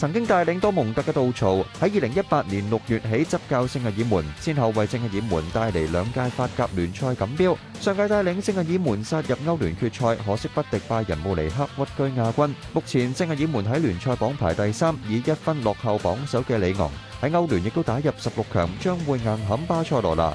曾經帶領多蒙特嘅杜曹喺二零一八年六月起執教聖日耳門，先後為聖日耳門帶嚟兩屆法甲聯賽錦標，上屆帶領聖日耳門殺入歐聯決賽，可惜不敵拜仁慕尼黑屈居亞軍。目前聖日耳門喺聯賽榜排第三，以一分落後榜首嘅里昂，喺歐聯亦都打入十六強，將會硬撼巴塞羅那。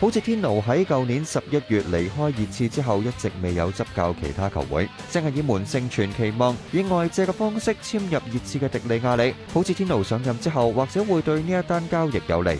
普捷天奴喺舊年十一月離開熱刺之後，一直未有執教其他球會，正係以門盛傳期望以外借嘅方式簽入熱刺嘅迪利亞里。普捷天奴上任之後，或者會對呢一單交易有利。